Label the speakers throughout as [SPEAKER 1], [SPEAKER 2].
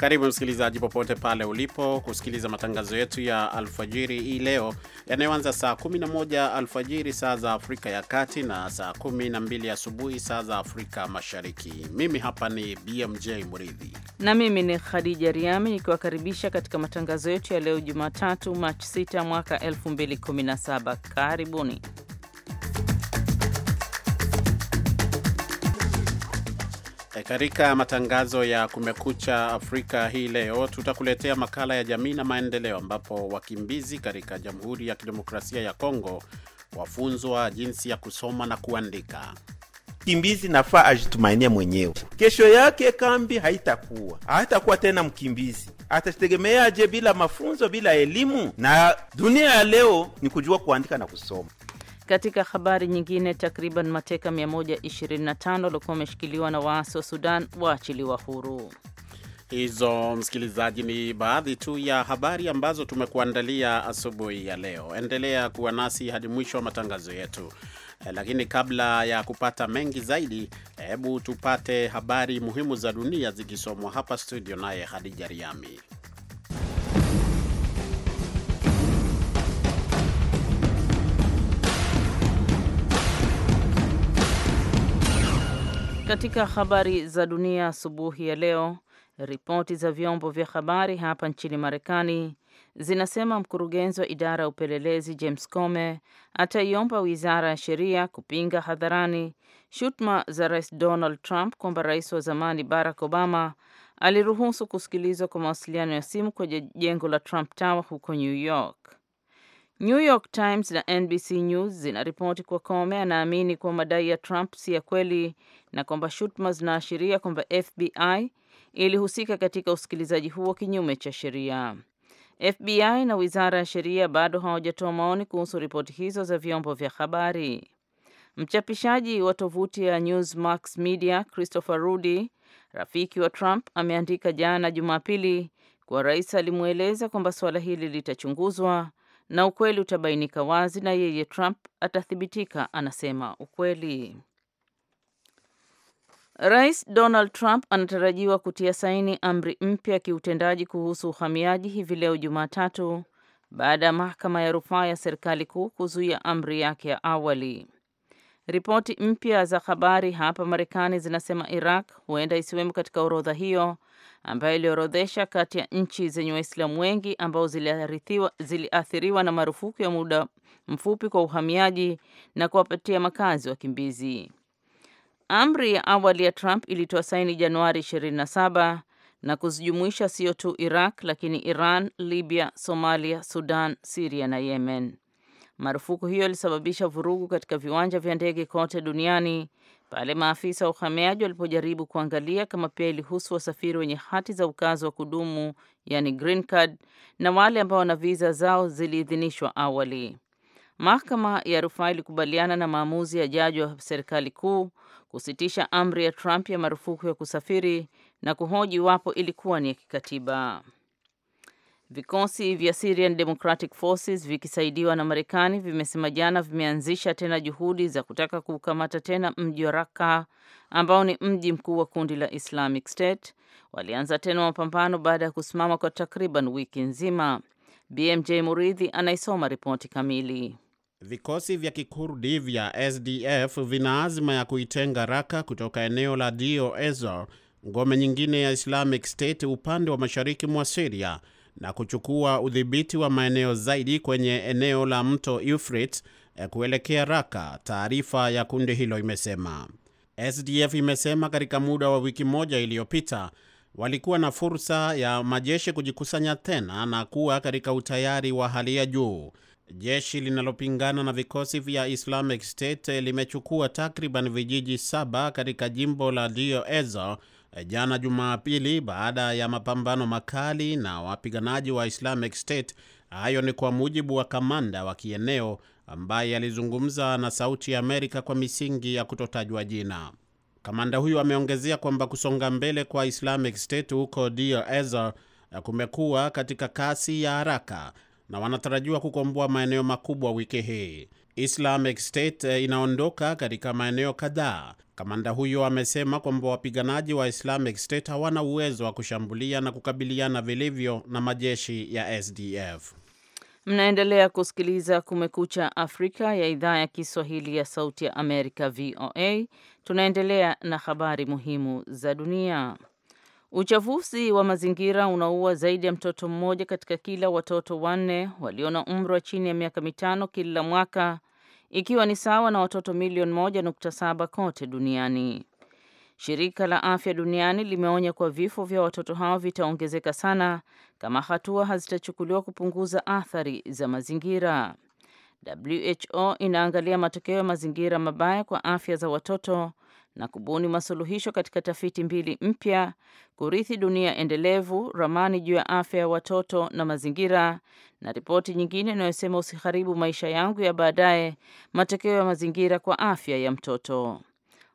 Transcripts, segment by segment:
[SPEAKER 1] Karibu msikilizaji, popote pale ulipo kusikiliza matangazo yetu ya alfajiri hii leo yanayoanza saa 11 alfajiri saa za Afrika ya Kati na saa 12 asubuhi saa za Afrika Mashariki. Mimi hapa ni BMJ mridhi
[SPEAKER 2] na mimi ni Khadija Riami nikiwakaribisha katika matangazo yetu ya leo Jumatatu, Machi 6 mwaka 2017. Karibuni.
[SPEAKER 1] E, katika matangazo ya Kumekucha Afrika hii leo tutakuletea makala ya jamii na maendeleo, ambapo wakimbizi katika Jamhuri ya Kidemokrasia ya Kongo wafunzwa jinsi ya kusoma na kuandika.
[SPEAKER 3] Mkimbizi nafaa ajitumainie mwenyewe, kesho yake kambi haitakuwa hatakuwa tena mkimbizi, atategemeaje bila mafunzo, bila elimu? Na dunia ya leo ni kujua kuandika na kusoma.
[SPEAKER 2] Katika habari nyingine, takriban mateka 125 waliokuwa wameshikiliwa na waasi wa Sudan waachiliwa huru.
[SPEAKER 1] Hizo msikilizaji, ni baadhi tu ya habari ambazo tumekuandalia asubuhi ya leo. Endelea kuwa nasi hadi mwisho wa matangazo yetu. Eh, lakini kabla ya kupata mengi zaidi, hebu tupate habari muhimu za dunia zikisomwa hapa studio naye Hadija Riami.
[SPEAKER 2] Katika habari za dunia asubuhi ya leo, ripoti za vyombo vya habari hapa nchini Marekani zinasema mkurugenzi wa idara ya upelelezi James Comey ataiomba wizara ya sheria kupinga hadharani shutuma za Rais Donald Trump kwamba rais wa zamani Barack Obama aliruhusu kusikilizwa kwa mawasiliano ya simu kwenye jengo la Trump Tower huko New York. New York Times na NBC News zinaripoti kuwa Kome anaamini kuwa madai ya Trump si ya kweli na kwamba shutuma zinaashiria kwamba FBI ilihusika katika usikilizaji huo kinyume cha sheria. FBI na Wizara ya Sheria bado hawajatoa maoni kuhusu ripoti hizo za vyombo vya habari. Mchapishaji wa tovuti ya Newsmax Media, Christopher Rudy, rafiki wa Trump, ameandika jana Jumapili kuwa rais alimweleza kwamba suala hili litachunguzwa na ukweli utabainika wazi na yeye Trump atathibitika anasema ukweli. Rais Donald Trump anatarajiwa kutia saini amri mpya ya kiutendaji kuhusu uhamiaji hivi leo Jumatatu baada ya mahakama ya rufaa ya serikali kuu kuzuia amri yake ya awali. Ripoti mpya za habari hapa Marekani zinasema Iraq huenda isiwemo katika orodha hiyo ambayo iliorodhesha kati ya nchi zenye Waislamu wengi ambao ziliathiriwa na marufuku ya muda mfupi kwa uhamiaji na kuwapatia makazi wakimbizi. Amri ya awali ya Trump ilitoa saini Januari 27 na kuzijumuisha sio tu Iraq lakini Iran, Libya, Somalia, Sudan, Siria na Yemen. Marufuku hiyo ilisababisha vurugu katika viwanja vya ndege kote duniani pale maafisa wa uhamiaji walipojaribu kuangalia kama pia ilihusu wasafiri wenye hati za ukazi wa kudumu yani green card na wale ambao wana viza zao ziliidhinishwa awali. Mahakama ya rufaa ilikubaliana na maamuzi ya jaji wa serikali kuu kusitisha amri ya Trump ya marufuku ya kusafiri na kuhoji iwapo ilikuwa ni ya kikatiba. Vikosi vya Syrian Democratic Forces vikisaidiwa na Marekani vimesema jana vimeanzisha tena juhudi za kutaka kukamata tena mji wa Raqqa ambao ni mji mkuu wa kundi la Islamic State. Walianza tena mapambano baada ya kusimama kwa takriban wiki nzima. BMJ Muridhi anaisoma ripoti kamili. Vikosi vya Kikurdi
[SPEAKER 1] vya SDF vina azma ya kuitenga Raqqa kutoka eneo la Dio Ezo, ngome nyingine ya Islamic State upande wa mashariki mwa Syria na kuchukua udhibiti wa maeneo zaidi kwenye eneo la mto ufrit eh, kuelekea Raka, taarifa ya kundi hilo imesema. SDF imesema katika muda wa wiki moja iliyopita walikuwa na fursa ya majeshi kujikusanya tena na kuwa katika utayari wa hali ya juu. Jeshi linalopingana na vikosi vya Islamic State eh, limechukua takriban vijiji saba katika jimbo la Dio Ezzor Eh, jana Jumapili baada ya mapambano makali na wapiganaji wa Islamic State. Hayo ni kwa mujibu wa kamanda wa kieneo ambaye alizungumza na Sauti ya Amerika kwa misingi ya kutotajwa jina. Kamanda huyu ameongezea kwamba kusonga mbele kwa Islamic State huko Deir Ezzor eh, kumekuwa katika kasi ya haraka na wanatarajiwa kukomboa maeneo makubwa wiki hii. Islamic State eh, inaondoka katika maeneo kadhaa. Kamanda huyo amesema kwamba wapiganaji wa Islamic State hawana uwezo wa kushambulia na kukabiliana vilivyo na majeshi ya SDF.
[SPEAKER 2] Mnaendelea kusikiliza Kumekucha Afrika ya idhaa ya Kiswahili ya Sauti ya Amerika, VOA. Tunaendelea na habari muhimu za dunia. Uchafuzi wa mazingira unaua zaidi ya mtoto mmoja katika kila watoto wanne walio na umri wa chini ya miaka mitano kila mwaka, ikiwa ni sawa na watoto milioni 1.7 kote duniani. Shirika la Afya Duniani limeonya kuwa vifo vya watoto hao vitaongezeka sana kama hatua hazitachukuliwa kupunguza athari za mazingira. WHO inaangalia matokeo ya mazingira mabaya kwa afya za watoto na kubuni masuluhisho katika tafiti mbili mpya, kurithi dunia endelevu, ramani juu ya afya ya watoto na mazingira, na ripoti nyingine inayosema usiharibu maisha yangu ya baadaye, matokeo ya mazingira kwa afya ya mtoto.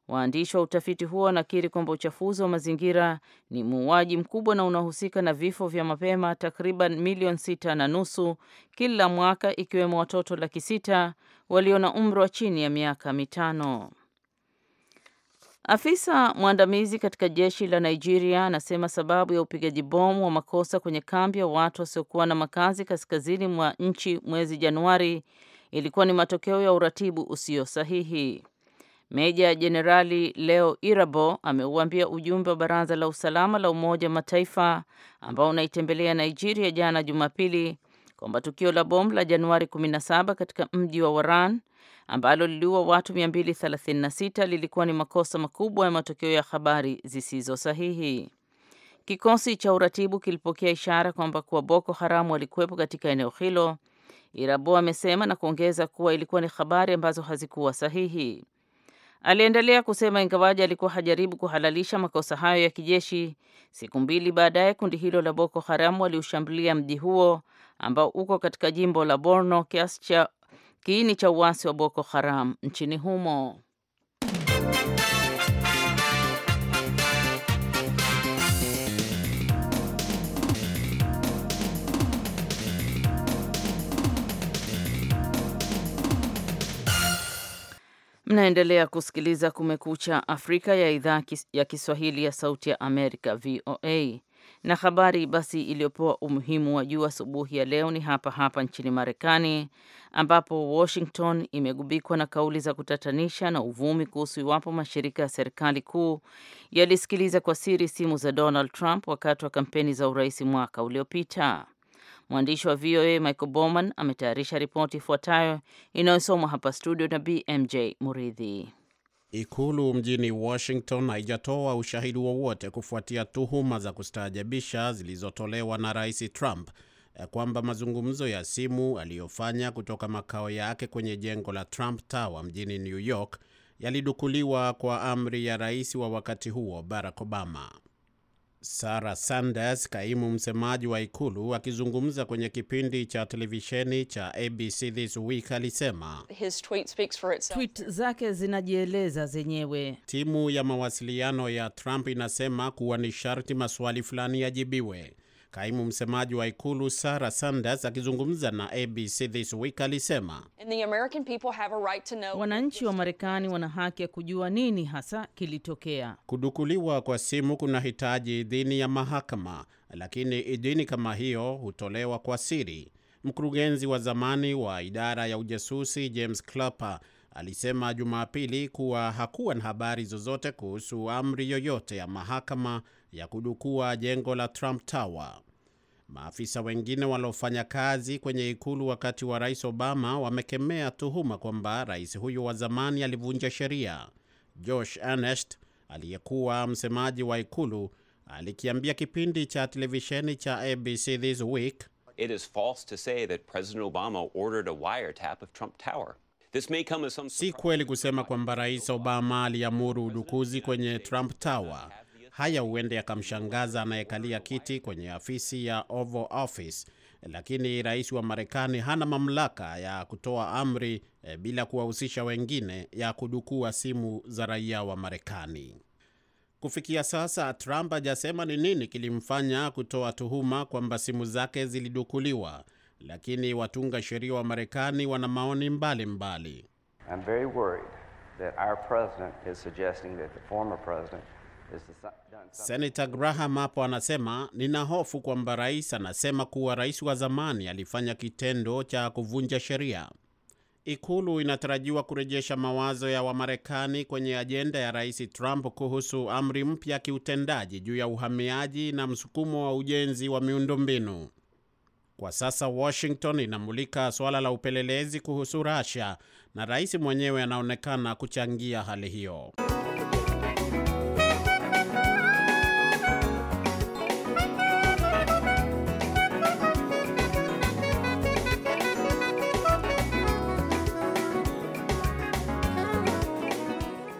[SPEAKER 2] Waandishi wa utafiti huo wanakiri kwamba uchafuzi wa mazingira ni muuaji mkubwa na unahusika na vifo vya mapema takriban milioni sita na nusu kila mwaka, ikiwemo watoto laki sita walio na umri wa chini ya miaka mitano. Afisa mwandamizi katika jeshi la Nigeria anasema sababu ya upigaji bomu wa makosa kwenye kambi ya watu wasiokuwa na makazi kaskazini mwa nchi mwezi Januari ilikuwa ni matokeo ya uratibu usio sahihi. Meja Jenerali Leo Irabo ameuambia ujumbe wa Baraza la Usalama la Umoja wa Mataifa ambao unaitembelea Nigeria jana Jumapili kwamba tukio la bomu la Januari 17 katika mji wa Waran ambalo liliua watu 236 lilikuwa ni makosa makubwa ya matokeo ya habari zisizo sahihi. Kikosi cha uratibu kilipokea ishara kwamba kuwa Boko Haramu walikuwepo katika eneo hilo, Irabo amesema na kuongeza kuwa ilikuwa ni habari ambazo hazikuwa sahihi. Aliendelea kusema ingawaji alikuwa hajaribu kuhalalisha makosa hayo ya kijeshi. Siku mbili baadaye, kundi hilo la Boko Haramu waliushambulia mji huo ambao uko katika jimbo la Borno kiasi cha kiini cha uasi wa Boko Haram nchini humo. Mnaendelea kusikiliza Kumekucha Afrika ya idhaa ya Kiswahili ya Sauti ya Amerika, VOA. Na habari basi iliyopewa umuhimu wa juu asubuhi ya leo ni hapa hapa nchini Marekani, ambapo Washington imegubikwa na kauli za kutatanisha na uvumi kuhusu iwapo mashirika ya serikali kuu yalisikiliza kwa siri simu za Donald Trump wakati wa kampeni za urais mwaka uliopita. Mwandishi wa VOA Michael Bowman ametayarisha ripoti ifuatayo inayosomwa hapa studio na BMJ Muridhi. Ikulu mjini Washington haijatoa
[SPEAKER 1] ushahidi wowote kufuatia tuhuma za kustaajabisha zilizotolewa na Rais Trump eh, kwamba mazungumzo ya simu aliyofanya kutoka makao yake kwenye jengo la Trump Tower mjini New York yalidukuliwa kwa amri ya rais wa wakati huo Barack Obama. Sarah Sanders, kaimu msemaji wa ikulu, akizungumza kwenye kipindi cha televisheni cha ABC This Week, alisema
[SPEAKER 2] tweet zake zinajieleza zenyewe.
[SPEAKER 1] Timu ya mawasiliano ya Trump inasema kuwa ni sharti maswali fulani yajibiwe. Kaimu msemaji wa ikulu Sarah Sanders akizungumza na ABC This Week alisema
[SPEAKER 2] right know... wananchi wa Marekani wana haki ya kujua nini hasa kilitokea.
[SPEAKER 1] Kudukuliwa kwa simu kuna hitaji idhini ya mahakama, lakini idhini kama hiyo hutolewa kwa siri. Mkurugenzi wa zamani wa idara ya ujasusi James Clapper alisema Jumapili kuwa hakuwa na habari zozote kuhusu amri yoyote ya mahakama ya kudukua jengo la Trump Tower. Maafisa wengine waliofanya kazi kwenye ikulu wakati wa Rais Obama wamekemea tuhuma kwamba rais huyo wa zamani alivunja sheria. Josh ernest aliyekuwa msemaji wa ikulu alikiambia kipindi cha televisheni cha ABC This Week,
[SPEAKER 3] It is false to say that President Obama ordered a wiretap of Trump Tower.
[SPEAKER 1] This may come as some... Si kweli kusema kwamba Rais Obama aliamuru udukuzi kwenye Trump Tower. Haya huende yakamshangaza anayekalia kiti kwenye afisi ya Oval Office, lakini rais wa Marekani hana mamlaka ya kutoa amri e, bila kuwahusisha wengine ya kudukua simu za raia wa Marekani. Kufikia sasa Trump hajasema ni nini kilimfanya kutoa tuhuma kwamba simu zake zilidukuliwa, lakini watunga sheria wa Marekani wana maoni mbalimbali. Senata Graham hapo anasema, nina hofu kwamba rais anasema kuwa rais wa zamani alifanya kitendo cha kuvunja sheria. Ikulu inatarajiwa kurejesha mawazo ya Wamarekani kwenye ajenda ya rais Trump kuhusu amri mpya ya kiutendaji juu ya uhamiaji na msukumo wa ujenzi wa miundombinu. Kwa sasa Washington inamulika suala la upelelezi kuhusu Russia na rais mwenyewe anaonekana kuchangia hali hiyo.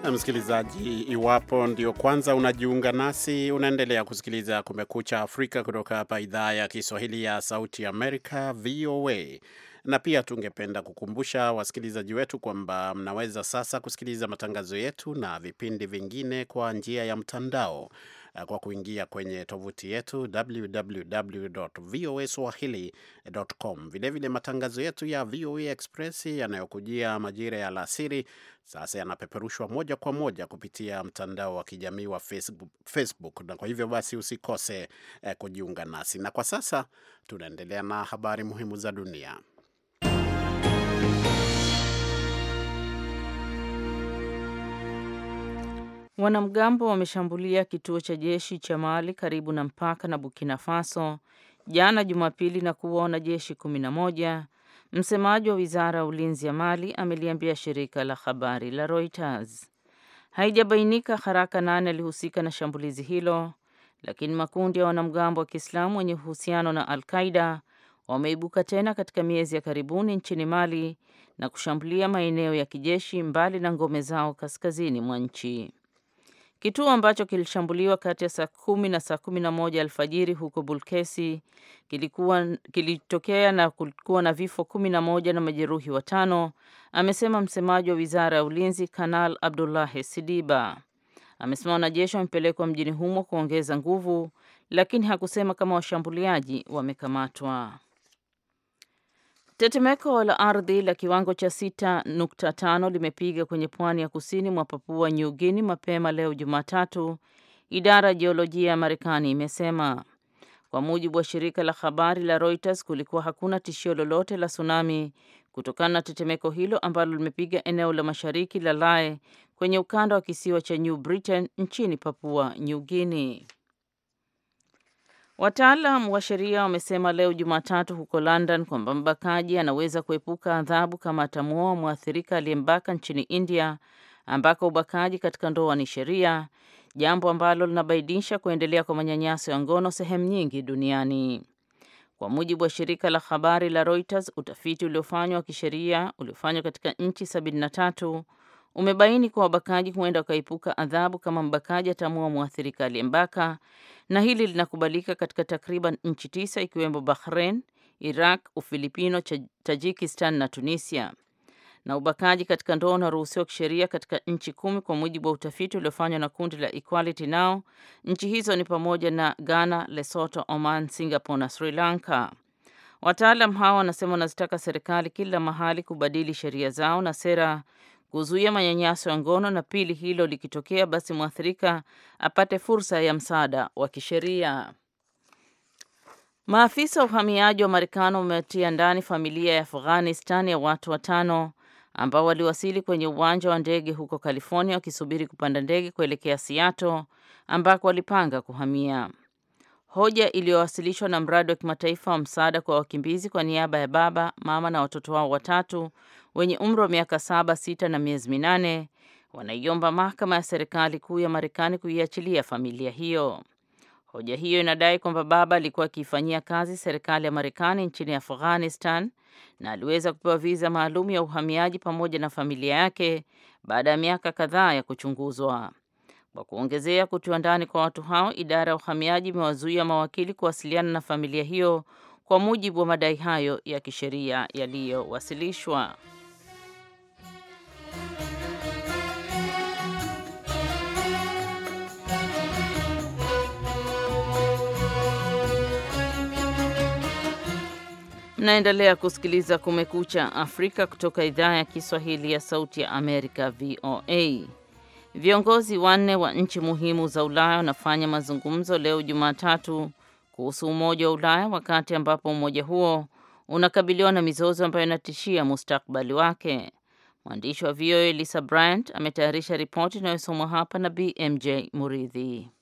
[SPEAKER 1] Na eh, msikilizaji, iwapo ndio kwanza unajiunga nasi, unaendelea kusikiliza Kumekucha Afrika kutoka hapa idhaa ya Kiswahili ya Sauti Amerika, VOA. Na pia tungependa kukumbusha wasikilizaji wetu kwamba mnaweza sasa kusikiliza matangazo yetu na vipindi vingine kwa njia ya mtandao Eh, kwa kuingia kwenye tovuti yetu www.voaswahili.com. Vilevile matangazo yetu ya VOA Express yanayokujia majira ya alasiri sasa yanapeperushwa moja kwa moja kupitia mtandao wa kijamii wa Facebook, Facebook. Na kwa hivyo basi usikose eh, kujiunga nasi, na kwa sasa tunaendelea na habari muhimu za dunia.
[SPEAKER 2] Wanamgambo wameshambulia kituo cha jeshi cha Mali karibu na mpaka na Burkina Faso jana Jumapili na kuua wanajeshi 11. Msemaji wa wizara ya ulinzi ya Mali ameliambia shirika la habari la Reuters. Haijabainika haraka nani alihusika na shambulizi hilo, lakini makundi ya wanamgambo wa Kiislamu wenye uhusiano na Al Qaida wameibuka tena katika miezi ya karibuni nchini Mali na kushambulia maeneo ya kijeshi mbali na ngome zao kaskazini mwa nchi. Kituo ambacho kilishambuliwa kati ya saa kumi na saa kumi na moja alfajiri huko Bulkesi kilikuwa, kilitokea na kulikuwa na vifo kumi na moja na majeruhi watano, amesema msemaji wa wizara ya ulinzi Kanal Abdullahi Sidiba. Amesema wanajeshi wamepelekwa mjini humo kuongeza nguvu, lakini hakusema kama washambuliaji wamekamatwa. Tetemeko la ardhi la kiwango cha 6.5 limepiga kwenye pwani ya kusini mwa Papua New Guinea mapema leo Jumatatu, idara ya jiolojia ya Marekani imesema. Kwa mujibu wa shirika la habari la Reuters, kulikuwa hakuna tishio lolote la tsunami kutokana na tetemeko hilo ambalo limepiga eneo la mashariki la Lae kwenye ukanda wa kisiwa cha New Britain nchini Papua New Guinea. Wataalam wa sheria wamesema leo Jumatatu huko London kwamba mbakaji anaweza kuepuka adhabu kama atamuoa mwathirika aliyembaka nchini India ambako ubakaji katika ndoa ni sheria, jambo ambalo linabaidisha kuendelea kwa manyanyaso ya ngono sehemu nyingi duniani. Kwa mujibu wa shirika la habari la Reuters, utafiti uliofanywa wa kisheria uliofanywa katika nchi 73 umebaini kuwa wabakaji huenda wakaepuka adhabu kama mbakaji atamua mwathirika aliyembaka, na hili linakubalika katika takriban nchi tisa ikiwemo Bahrain, Iraq, Ufilipino, Tajikistan na Tunisia. Na ubakaji katika ndoa unaruhusiwa kisheria katika nchi kumi kwa mujibu wa utafiti uliofanywa na kundi la Equality Now. Nchi hizo ni pamoja na Ghana, Lesotho, Oman, Singapore na Sri Lanka. Wataalam hawa wanasema wanazitaka serikali kila mahali kubadili sheria zao na sera kuzuia manyanyaso ya ngono, na pili, hilo likitokea, basi mwathirika apate fursa ya msaada wa kisheria. Maafisa wa uhamiaji wa Marekani wametia ndani familia ya Afghanistan ya watu watano ambao waliwasili kwenye uwanja wa ndege huko California wakisubiri kupanda ndege kuelekea Seattle ambako walipanga kuhamia. Hoja iliyowasilishwa na mradi wa kimataifa wa msaada kwa wakimbizi kwa niaba ya baba, mama na watoto wao watatu wenye umri wa miaka saba, sita na miezi minane wanaiomba mahakama ya serikali kuu ya Marekani kuiachilia familia hiyo. Hoja hiyo inadai kwamba baba alikuwa akiifanyia kazi serikali ya Marekani nchini Afghanistan na aliweza kupewa viza maalum ya uhamiaji pamoja na familia yake baada ya miaka kadhaa ya kuchunguzwa. Kwa kuongezea kutiwa ndani kwa watu hao, idara ya uhamiaji imewazuia mawakili kuwasiliana na familia hiyo kwa mujibu wa madai hayo ya kisheria yaliyowasilishwa. Mnaendelea kusikiliza Kumekucha Afrika kutoka idhaa ya Kiswahili ya Sauti ya Amerika, VOA. Viongozi wanne wa nchi muhimu za Ulaya wanafanya mazungumzo leo Jumatatu kuhusu Umoja wa Ulaya, wakati ambapo umoja huo unakabiliwa na mizozo ambayo inatishia mustakbali wake. Mwandishi wa VOA Lisa Bryant ametayarisha ripoti inayosomwa hapa na BMJ Muridhi.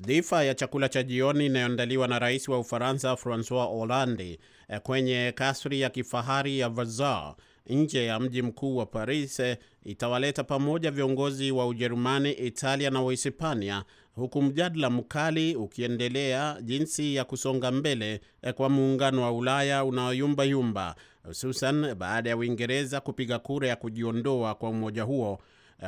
[SPEAKER 1] Dhifa ya chakula cha jioni inayoandaliwa na rais wa Ufaransa Francois Hollande eh, kwenye kasri ya kifahari ya Versailles nje ya mji mkuu wa Paris eh, itawaleta pamoja viongozi wa Ujerumani, Italia na Uhispania, huku mjadala mkali ukiendelea jinsi ya kusonga mbele eh, kwa muungano wa Ulaya unaoyumbayumba, hususan baada ya Uingereza kupiga kura ya kujiondoa kwa umoja huo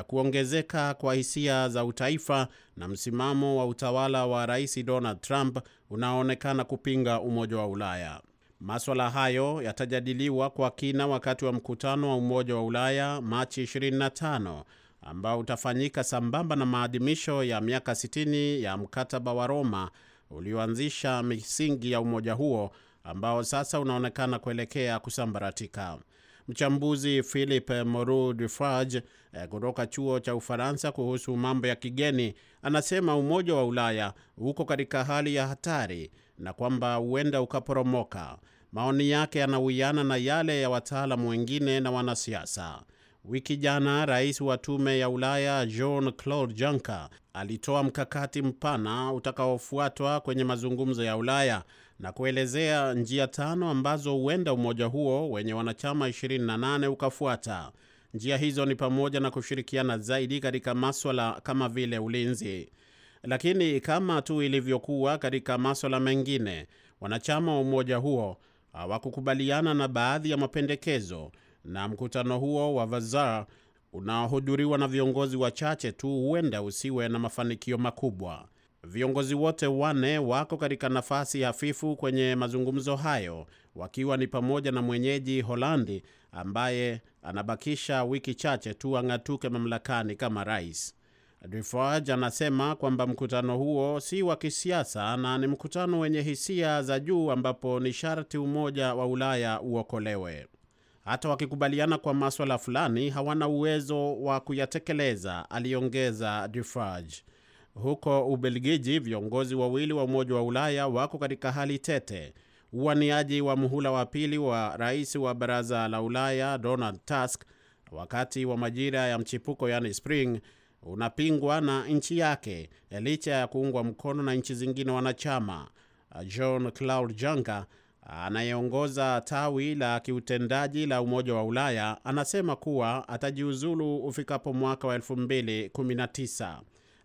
[SPEAKER 1] kuongezeka kwa hisia za utaifa na msimamo wa utawala wa Rais Donald Trump unaoonekana kupinga Umoja wa Ulaya. Maswala hayo yatajadiliwa kwa kina wakati wa mkutano wa Umoja wa Ulaya Machi 25 ambao utafanyika sambamba na maadhimisho ya miaka 60 ya mkataba wa Roma ulioanzisha misingi ya umoja huo ambao sasa unaonekana kuelekea kusambaratika. Mchambuzi Philip Moru Dufarge eh, kutoka chuo cha Ufaransa kuhusu mambo ya kigeni anasema Umoja wa Ulaya uko katika hali ya hatari na kwamba huenda ukaporomoka. Maoni yake yanawiana na yale ya wataalamu wengine na wanasiasa. Wiki jana rais wa tume ya Ulaya Jean Claude Juncker alitoa mkakati mpana utakaofuatwa kwenye mazungumzo ya Ulaya na kuelezea njia tano ambazo huenda umoja huo wenye wanachama 28 ukafuata. Njia hizo ni pamoja na kushirikiana zaidi katika maswala kama vile ulinzi. Lakini kama tu ilivyokuwa katika maswala mengine, wanachama wa umoja huo hawakukubaliana na baadhi ya mapendekezo, na mkutano huo wa Vazar unaohudhuriwa na viongozi wachache tu huenda usiwe na mafanikio makubwa. Viongozi wote wanne wako katika nafasi hafifu kwenye mazungumzo hayo, wakiwa ni pamoja na mwenyeji Holandi ambaye anabakisha wiki chache tu ang'atuke mamlakani kama rais. Lafarge anasema kwamba mkutano huo si wa kisiasa na ni mkutano wenye hisia za juu, ambapo ni sharti Umoja wa Ulaya uokolewe. Hata wakikubaliana kwa maswala fulani, hawana uwezo wa kuyatekeleza, aliongeza Lafarge. Huko Ubelgiji, viongozi wawili wa Umoja wa Ulaya wako katika hali tete. Uwaniaji wa muhula wa pili wa rais wa Baraza la Ulaya Donald Tusk wakati wa majira ya mchipuko, yani spring, unapingwa na nchi yake licha ya kuungwa mkono na nchi zingine wanachama. Jean Claude Juncker anayeongoza tawi la kiutendaji la Umoja wa Ulaya anasema kuwa atajiuzulu ufikapo mwaka wa 2019.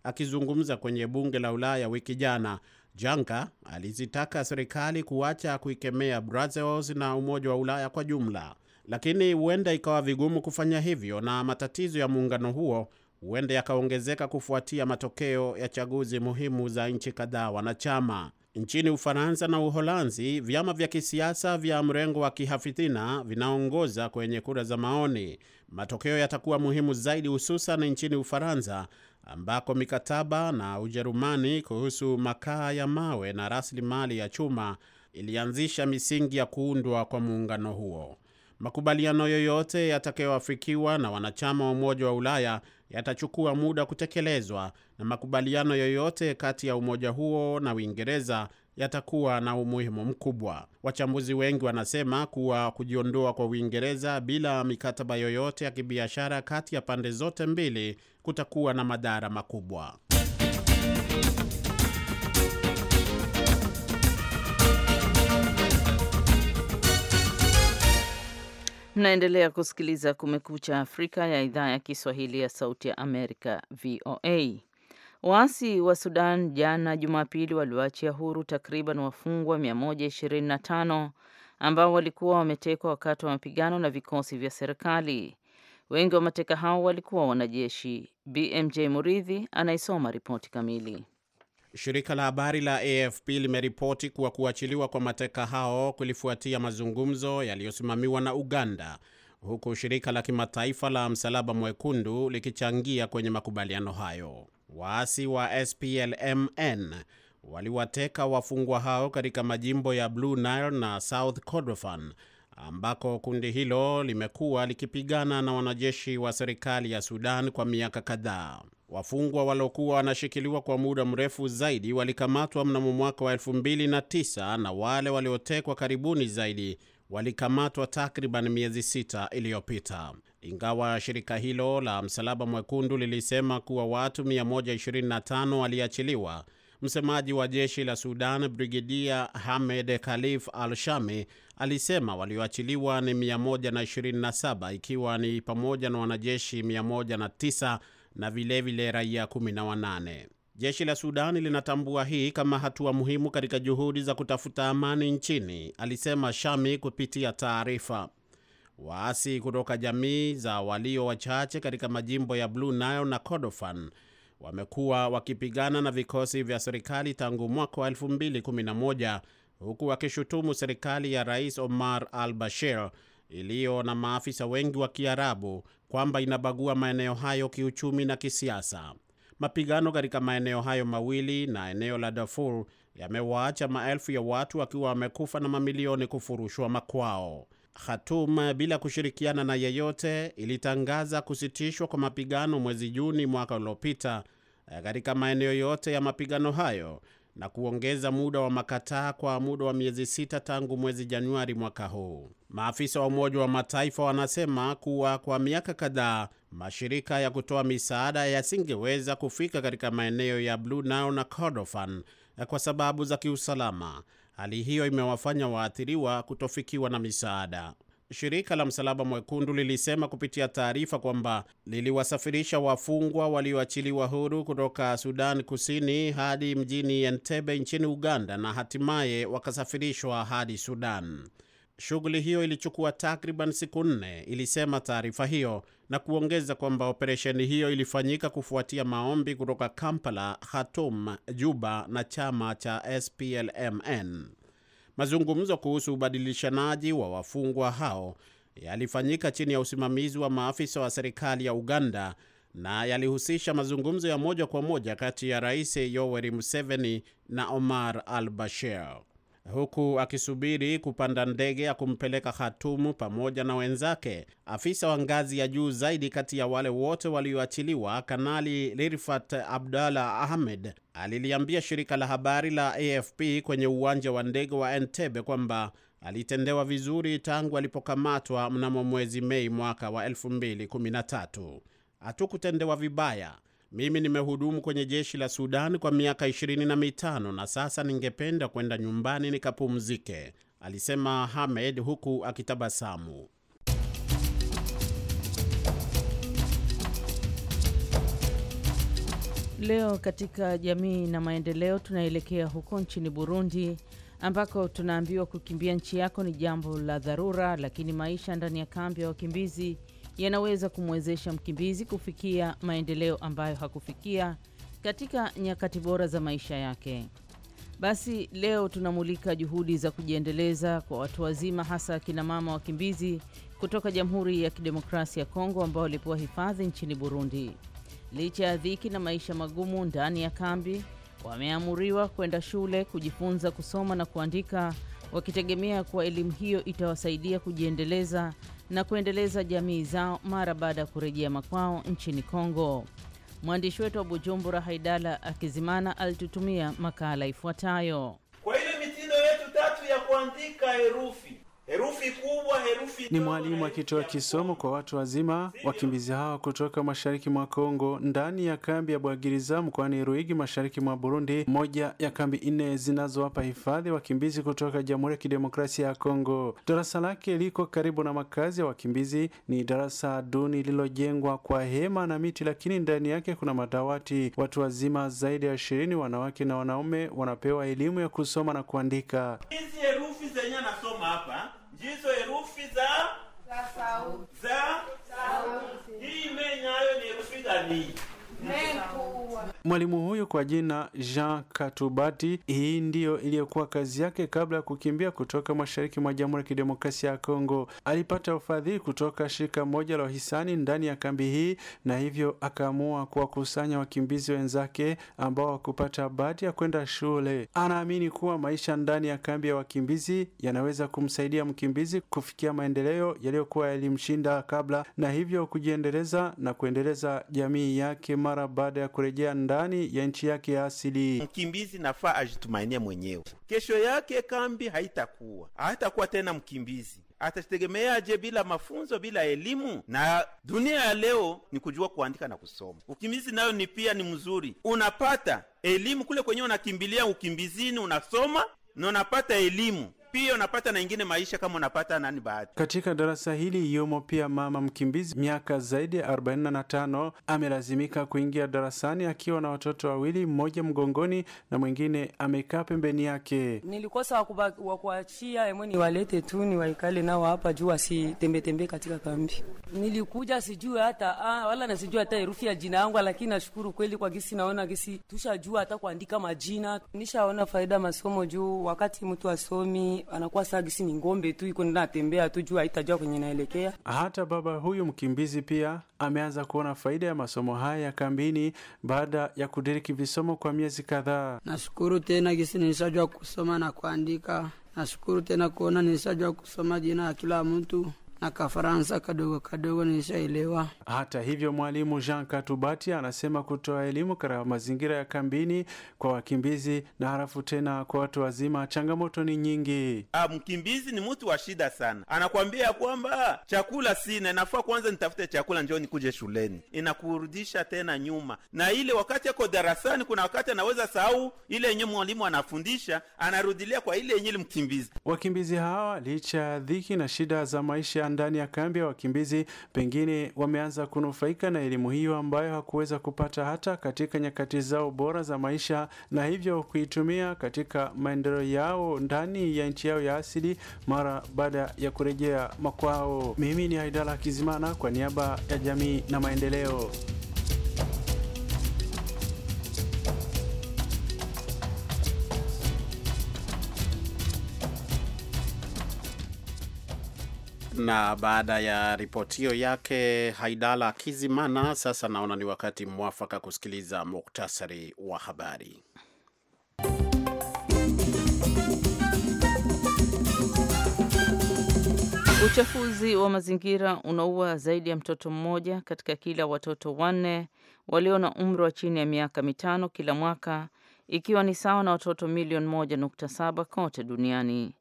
[SPEAKER 1] Akizungumza kwenye bunge la Ulaya wiki jana, Janka alizitaka serikali kuacha kuikemea Brussels na Umoja wa Ulaya kwa jumla, lakini huenda ikawa vigumu kufanya hivyo na matatizo ya muungano huo huenda yakaongezeka kufuatia matokeo ya chaguzi muhimu za nchi kadhaa wanachama. Nchini Ufaransa na Uholanzi, vyama vya kisiasa vya mrengo wa kihafidhina vinaongoza kwenye kura za maoni. Matokeo yatakuwa muhimu zaidi, hususan nchini Ufaransa ambako mikataba na Ujerumani kuhusu makaa ya mawe na rasilimali ya chuma ilianzisha misingi ya kuundwa kwa muungano huo. Makubaliano yoyote yatakayoafikiwa na wanachama wa Umoja wa Ulaya yatachukua muda kutekelezwa, na makubaliano yoyote kati ya umoja huo na Uingereza yatakuwa na umuhimu mkubwa. Wachambuzi wengi wanasema kuwa kujiondoa kwa Uingereza bila mikataba yoyote ya kibiashara kati ya pande zote mbili kutakuwa na madhara makubwa.
[SPEAKER 2] Mnaendelea kusikiliza Kumekucha Afrika ya idhaa ya Kiswahili ya Sauti ya Amerika, VOA. Waasi wa Sudan jana Jumapili waliwaachia huru takriban wafungwa 125 ambao walikuwa wametekwa wakati wa mapigano na vikosi vya serikali. Wengi wa mateka hao walikuwa wanajeshi. BMJ Muridhi anaisoma ripoti kamili.
[SPEAKER 1] Shirika la habari la AFP limeripoti kuwa kuachiliwa kwa mateka hao kulifuatia mazungumzo yaliyosimamiwa na Uganda, huku shirika la kimataifa la Msalaba Mwekundu likichangia kwenye makubaliano hayo. Waasi wa SPLMN waliwateka wafungwa hao katika majimbo ya Blue Nile na South Kordofan ambako kundi hilo limekuwa likipigana na wanajeshi wa serikali ya Sudan kwa miaka kadhaa. Wafungwa waliokuwa wanashikiliwa kwa muda mrefu zaidi walikamatwa mnamo mwaka wa 2009 na wale waliotekwa karibuni zaidi walikamatwa takriban miezi sita iliyopita. Ingawa shirika hilo la Msalaba Mwekundu lilisema kuwa watu 125 waliachiliwa, msemaji wa jeshi la Sudan brigidia Hamed Khalif Al Shami alisema walioachiliwa ni 127 ikiwa ni pamoja na wanajeshi 109 na vilevile raia 18. Jeshi la Sudani linatambua hii kama hatua muhimu katika juhudi za kutafuta amani nchini, alisema Shami kupitia taarifa. Waasi kutoka jamii za walio wachache katika majimbo ya Blue Nile na Kordofan wamekuwa wakipigana na vikosi vya serikali tangu mwaka wa huku wakishutumu serikali ya Rais Omar al Bashir iliyo na maafisa wengi wa Kiarabu kwamba inabagua maeneo hayo kiuchumi na kisiasa. Mapigano katika maeneo hayo mawili na eneo la Darfur yamewaacha maelfu ya watu wakiwa wamekufa na mamilioni kufurushwa makwao. Khartoum bila kushirikiana na yeyote ilitangaza kusitishwa kwa mapigano mwezi Juni mwaka uliopita eh, katika maeneo yote ya mapigano hayo na kuongeza muda wa makataa kwa muda wa miezi sita tangu mwezi Januari mwaka huu. Maafisa wa Umoja wa Mataifa wanasema kuwa kwa miaka kadhaa mashirika ya kutoa misaada yasingeweza kufika katika maeneo ya Blue Nile na Kordofan kwa sababu za kiusalama. Hali hiyo imewafanya waathiriwa kutofikiwa na misaada. Shirika la Msalaba Mwekundu lilisema kupitia taarifa kwamba liliwasafirisha wafungwa walioachiliwa huru kutoka Sudan Kusini hadi mjini Entebbe nchini Uganda na hatimaye wakasafirishwa hadi Sudan. Shughuli hiyo ilichukua takriban siku nne, ilisema taarifa hiyo, na kuongeza kwamba operesheni hiyo ilifanyika kufuatia maombi kutoka Kampala, Khartoum, Juba na chama cha SPLMN. Mazungumzo kuhusu ubadilishanaji wa wafungwa hao yalifanyika chini ya usimamizi wa maafisa wa serikali ya Uganda na yalihusisha mazungumzo ya moja kwa moja kati ya Rais Yoweri Museveni na Omar al Bashir huku akisubiri kupanda ndege ya kumpeleka Khatumu pamoja na wenzake. Afisa wa ngazi ya juu zaidi kati ya wale wote walioachiliwa, Kanali lirifat Abdallah Ahmed aliliambia shirika la habari la AFP kwenye uwanja wa ndege wa Entebbe kwamba alitendewa vizuri tangu alipokamatwa mnamo mwezi Mei mwaka wa 2013. Hatukutendewa vibaya mimi nimehudumu kwenye jeshi la Sudan kwa miaka ishirini na mitano na sasa ningependa kwenda nyumbani nikapumzike, alisema Hamed huku akitabasamu.
[SPEAKER 2] Leo katika jamii na maendeleo, tunaelekea huko nchini Burundi ambako tunaambiwa kukimbia nchi yako ni jambo la dharura, lakini maisha ndani ya kambi ya wakimbizi yanaweza kumwezesha mkimbizi kufikia maendeleo ambayo hakufikia katika nyakati bora za maisha yake. Basi leo tunamulika juhudi za kujiendeleza kwa watu wazima, hasa akina mama wakimbizi kutoka Jamhuri ya Kidemokrasia ya Kongo ambao walipewa hifadhi nchini Burundi. Licha ya dhiki na maisha magumu ndani ya kambi, wameamuriwa kwenda shule kujifunza kusoma na kuandika wakitegemea kuwa elimu hiyo itawasaidia kujiendeleza na kuendeleza jamii zao mara baada ya kurejea makwao nchini Kongo. Mwandishi wetu wa Bujumbura, Haidala Akizimana, alitutumia makala ifuatayo. Kwa
[SPEAKER 3] ile mitindo yetu tatu ya kuandika herufi Herufi
[SPEAKER 4] kubwa, herufi ni mwalimu akitoa kisomo kwa watu wazima wakimbizi hawa kutoka mashariki mwa Kongo ndani ya kambi ya Bwagiriza mkoani Ruigi mashariki mwa Burundi, moja ya kambi nne zinazowapa hifadhi wakimbizi kutoka Jamhuri ya Kidemokrasia ya Kongo. Darasa lake liko karibu na makazi ya wakimbizi. Ni darasa duni lililojengwa kwa hema na miti, lakini ndani yake kuna madawati. Watu wazima zaidi ya ishirini, wanawake na wanaume, wanapewa elimu ya kusoma na kuandika.
[SPEAKER 3] Hizi herufi ndizo herufi za za sauti. za sauti Hii menyayo ni herufi gani?
[SPEAKER 4] Mwalimu huyu kwa jina Jean Katubati, hii ndiyo iliyokuwa kazi yake kabla ya kukimbia kutoka mashariki mwa Jamhuri ya Kidemokrasia ya Kongo. Alipata ufadhili kutoka shirika moja la wahisani ndani ya kambi hii, na hivyo akaamua kuwakusanya wakimbizi wenzake ambao wakupata bahati ya kwenda shule. Anaamini kuwa maisha ndani ya kambi ya wakimbizi yanaweza kumsaidia mkimbizi kufikia maendeleo yaliyokuwa yalimshinda kabla, na hivyo kujiendeleza na kuendeleza jamii yake mara baada ya kurejea ndani ndani ya nchi yake ya asili. Mkimbizi nafaa ajitumainie mwenyewe,
[SPEAKER 3] kesho yake kambi haitakuwa hatakuwa tena mkimbizi atajitegemeaje bila mafunzo, bila elimu? Na dunia ya leo ni kujua kuandika na kusoma. Ukimbizi nayo ni pia ni mzuri, unapata elimu kule kwenyewe unakimbilia ukimbizini, unasoma na unapata elimu pia unapata na ingine maisha kama unapata nani bahati.
[SPEAKER 4] Katika darasa hili yumo pia mama mkimbizi miaka zaidi ya 45, amelazimika kuingia darasani akiwa na watoto wawili, mmoja mgongoni na mwingine amekaa pembeni yake.
[SPEAKER 2] Nilikosa wa kuachia emwe niwalete
[SPEAKER 1] tu niwaikale nao hapa juu asitembetembe katika kambi.
[SPEAKER 2] Nilikuja sijui hata ah, wala nasijui hata herufi ya jina yangu, lakini nashukuru kweli kwa gisi, naona gisi tushajua hata kuandika
[SPEAKER 1] majina. Nishaona faida masomo juu wakati mtu asomi anakuwa anakuwa sagisi ni ngombe tu iko natembea tu juu haitajua kwenye naelekea. Hata
[SPEAKER 4] baba huyu mkimbizi pia ameanza kuona faida ya masomo haya ya kambini baada ya kudiriki visomo kwa miezi kadhaa.
[SPEAKER 2] Nashukuru tena gisi nilishajua kusoma na kuandika. Nashukuru tena kuona nilishajua
[SPEAKER 1] kusoma jina ya kila mtu na Kafaransa kadogo kadogo nishaelewa.
[SPEAKER 4] Hata hivyo, mwalimu Jean Katubati anasema kutoa elimu katika mazingira ya kambini kwa wakimbizi na harafu tena kwa watu wazima, changamoto ni nyingi.
[SPEAKER 3] Ah, mkimbizi ni mtu wa shida sana, anakwambia kwamba chakula sina, nafaa kwanza nitafute chakula njoo nikuje shuleni. Inakurudisha tena nyuma, na ile wakati ako darasani, kuna wakati anaweza sahau ile yenye mwalimu anafundisha, anarudilia kwa ile yenye mkimbizi.
[SPEAKER 4] Wakimbizi hawa licha ya dhiki na shida za maisha ndani ya kambi ya wakimbizi, pengine wameanza kunufaika na elimu hiyo ambayo hakuweza kupata hata katika nyakati zao bora za maisha, na hivyo kuitumia katika maendeleo yao ndani ya nchi yao ya asili mara baada ya kurejea makwao. Mimi ni Haidala Kizimana kwa niaba ya jamii na maendeleo.
[SPEAKER 1] Na baada ya ripoti hiyo yake Haidala Kizimana, sasa naona ni wakati mwafaka kusikiliza muktasari wa habari.
[SPEAKER 2] Uchafuzi wa mazingira unaua zaidi ya mtoto mmoja katika kila watoto wanne walio na umri wa chini ya miaka mitano kila mwaka, ikiwa ni sawa na watoto milioni 17 kote duniani.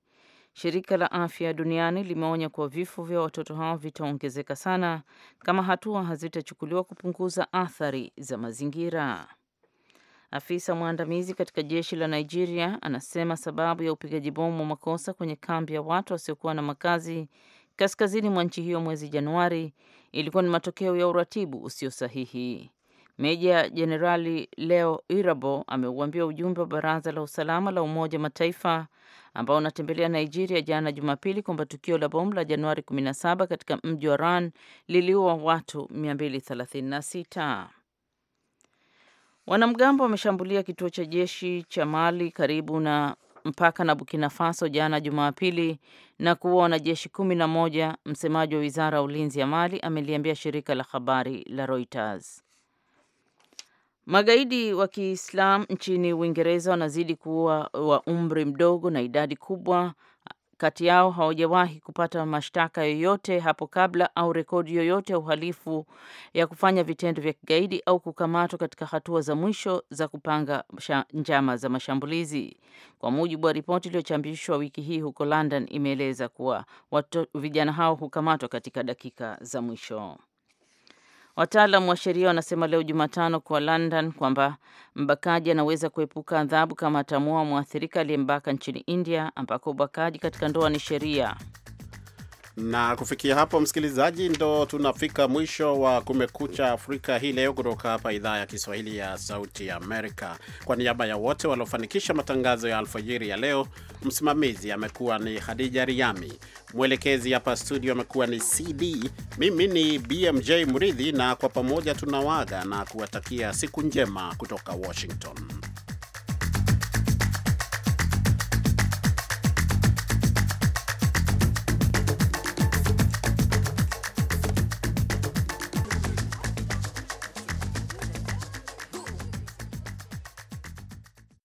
[SPEAKER 2] Shirika la Afya Duniani limeonya kuwa vifo vya watoto hao vitaongezeka sana kama hatua hazitachukuliwa kupunguza athari za mazingira. Afisa mwandamizi katika jeshi la Nigeria anasema sababu ya upigaji bomu wa makosa kwenye kambi ya watu wasiokuwa na makazi kaskazini mwa nchi hiyo mwezi Januari ilikuwa ni matokeo ya uratibu usio sahihi. Meja Jenerali Leo Irabo ameuambia ujumbe wa Baraza la Usalama la Umoja Mataifa ambao unatembelea Nigeria jana Jumapili kwamba tukio la bomu la Januari 17 katika mji wa Ran liliua watu 236. Wanamgambo wameshambulia kituo cha jeshi cha Mali karibu na mpaka na Burkina Faso jana Jumapili na kuua wanajeshi kumi moja. Msemaji wa wizara ya ulinzi ya Mali ameliambia shirika la habari la Reuters. Magaidi wa Kiislam nchini Uingereza wanazidi kuwa wa umri mdogo na idadi kubwa kati yao hawajawahi kupata mashtaka yoyote hapo kabla au rekodi yoyote ya uhalifu ya kufanya vitendo vya kigaidi au kukamatwa katika hatua za mwisho za kupanga njama za mashambulizi. Kwa mujibu wa ripoti iliyochambishwa wiki hii huko London, imeeleza kuwa watu, vijana hao hukamatwa katika dakika za mwisho. Wataalam wa sheria wanasema leo Jumatano kwa London kwamba mbakaji anaweza kuepuka adhabu kama atamua mwathirika aliyembaka nchini India ambako ubakaji katika ndoa ni sheria.
[SPEAKER 1] Na kufikia hapo, msikilizaji, ndo tunafika mwisho wa Kumekucha Afrika hii leo kutoka hapa idhaa ya Kiswahili ya Sauti ya Amerika. Kwa niaba ya wote waliofanikisha matangazo ya alfajiri ya leo, msimamizi amekuwa ni Hadija Riami, mwelekezi hapa studio amekuwa ni CD, mimi ni BMJ Mridhi, na kwa pamoja tunawaga na kuwatakia siku njema kutoka Washington.